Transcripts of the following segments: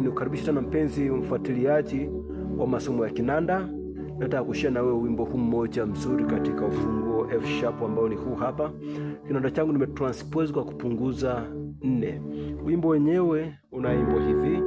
ni kukaribisha tena mpenzi mfuatiliaji wa masomo ya kinanda. Nataka kushia na wewe wimbo huu mmoja mzuri katika ufunguo F sharp ambao ni huu hapa. Kinanda changu nimetranspose kwa kupunguza nne. Wimbo wenyewe unaimbo hivi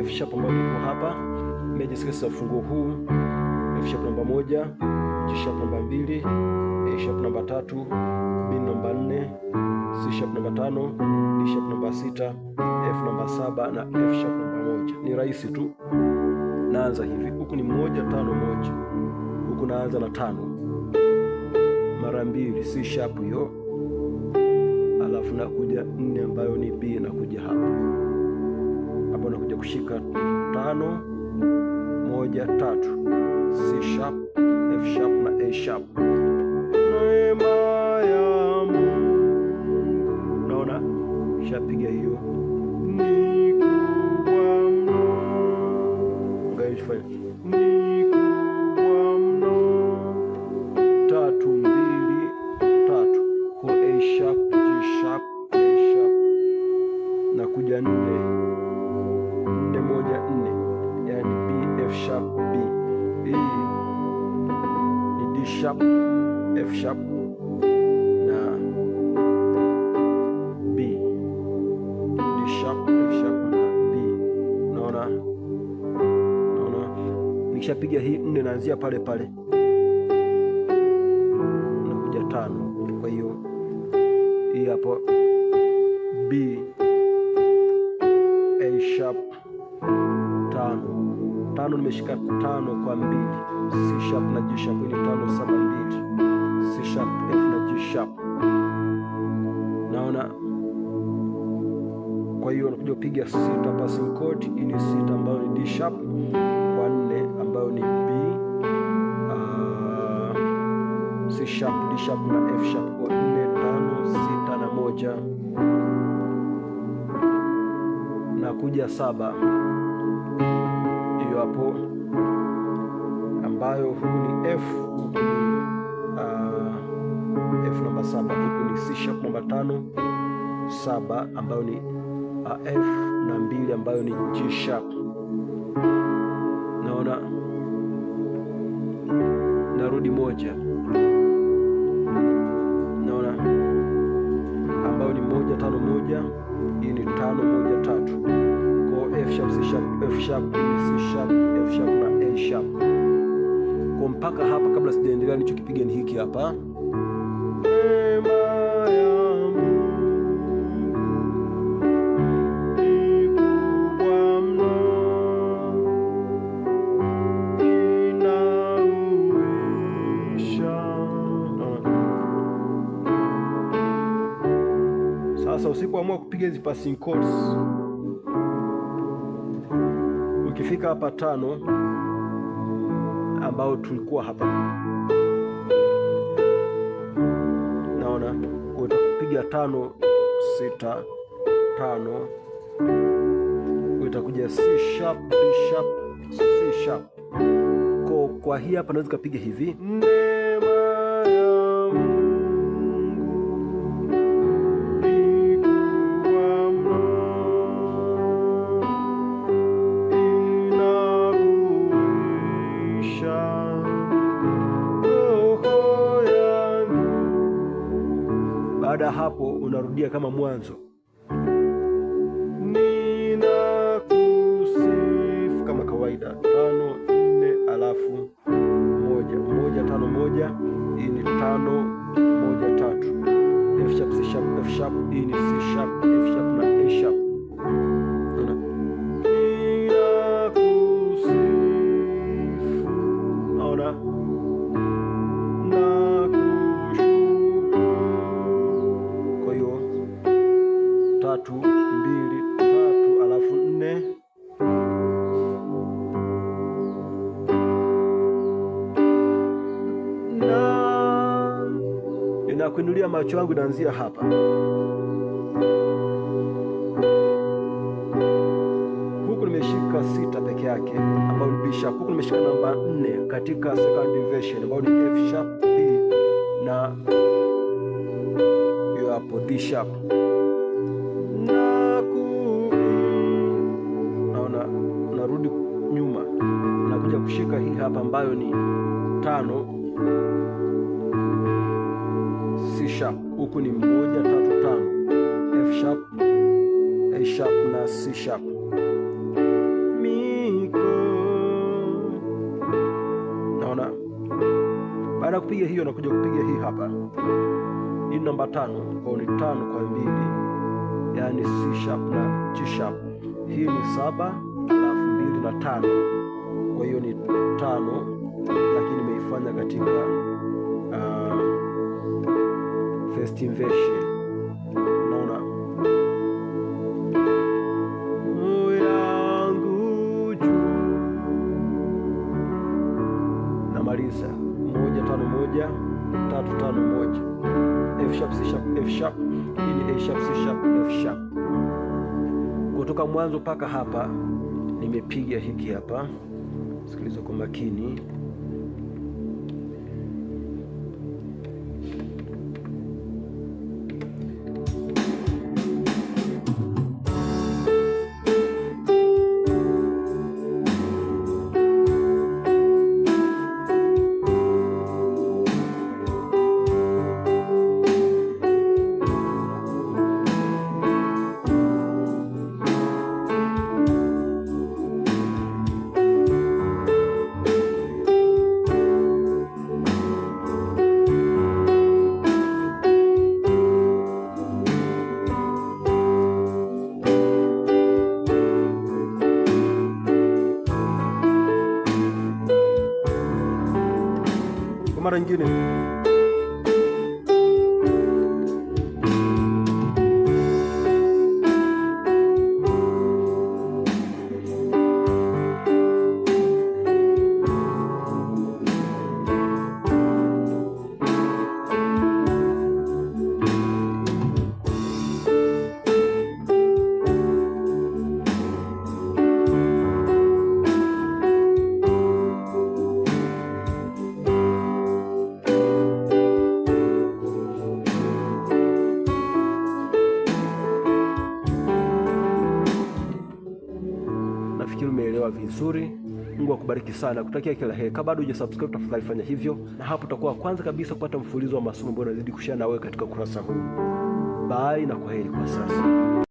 F sharp ambayo iko hapa. Major scales ufunguo huu F sharp namba moja, G sharp namba mbili, A sharp namba tatu, B namba nne, C sharp namba tano, D sharp namba sita, F namba saba na F sharp namba moja. Ni rahisi tu. Naanza hivi, huku ni moja tano moja, huku naanza na tano mara mbili, C sharp hiyo, alafu nakuja nne ambayo ni B, nakuja hapa hapa nakuja kushika tano moja tatu, C sharp, F sharp na A sharp. Neema ya Mungu, naona shapiga hiyo ni kubwa mno, ngaifanya ni kubwa mno, tatu mbili tatu kwa A sharp, G sharp, A sharp na kuja nne ya nne yani B F sharp B. Hii ni D sharp F sharp na B. D sharp F sharp na B. Naona, naona nikishapiga hii nne naanzia pale pale nakuja tano. Kwa hiyo hii hapo B tano, nimeshika tano kwa mbili, C sharp na G sharp. ni tano saba mbili, C sharp F na G sharp. Naona, kwa hiyo unakuja kupiga sita passing chord. Hii ni sita ambayo ni D sharp kwa nne, ambayo ni B, uh, C sharp, D sharp na F sharp kwa nne, tano, sita na moja, na kuja saba hiyo ambayo huu ni F uh, F namba saba huku ni C sharp namba tano saba ambayo ni uh, F na mbili ambayo ni G sharp. Naona narudi moja mpaka hapa. Kabla sijaendelea, kipiga ni hiki hapa Sasa usipoamua kupiga hizi passing chords, ukifika hapa tano ambao tulikuwa hapa. Naona utakupiga tano sita tano, utakuja C sharp, D sharp, C sharp. Kwa hii hapa naweza kupiga hivi nne ya hapo unarudia kama mwanzo, ninakusifu kama kawaida, tano nne, alafu moja moja tano moja. Hii ni tano moja tatu, F sharp C sharp F sharp. Hii ni C sharp F sharp na A sharp. Ninakusifu, naona ya kuinulia macho yangu inaanzia hapa. Huku nimeshika sita peke yake ambayo ni B sharp. Huku nimeshika namba nne katika second division ambayo ni F sharp B na hiyo hapo D sharp. Naona narudi nyuma nakuja kushika hii hapa ambayo ni tano huku ni mmoja tatu tano, F sharp, A sharp na C sharp. Miko naona, baada ya kupiga hiyo nakuja kupiga hii hapa, hii namba tano, kwao ni tano kwa mbili, yaani C sharp na G sharp. Hii ni saba alafu mbili na tano, kwa hiyo ni tano, lakini nimeifanya katika festivation. Unaona namaliza F Kutoka mwanzo mpaka hapa nimepiga hiki hapa, sikiliza kwa makini. wengine. unaendelea vizuri. Mungu akubariki sana, kutakia kila heri. Kama bado hujasubscribe, tafadhali fanya hivyo, na hapo utakuwa kwanza kabisa kupata mfululizo wa masomo ambayo nazidi kushare na wewe katika ukurasa huu. Bye na kwa heri kwa sasa.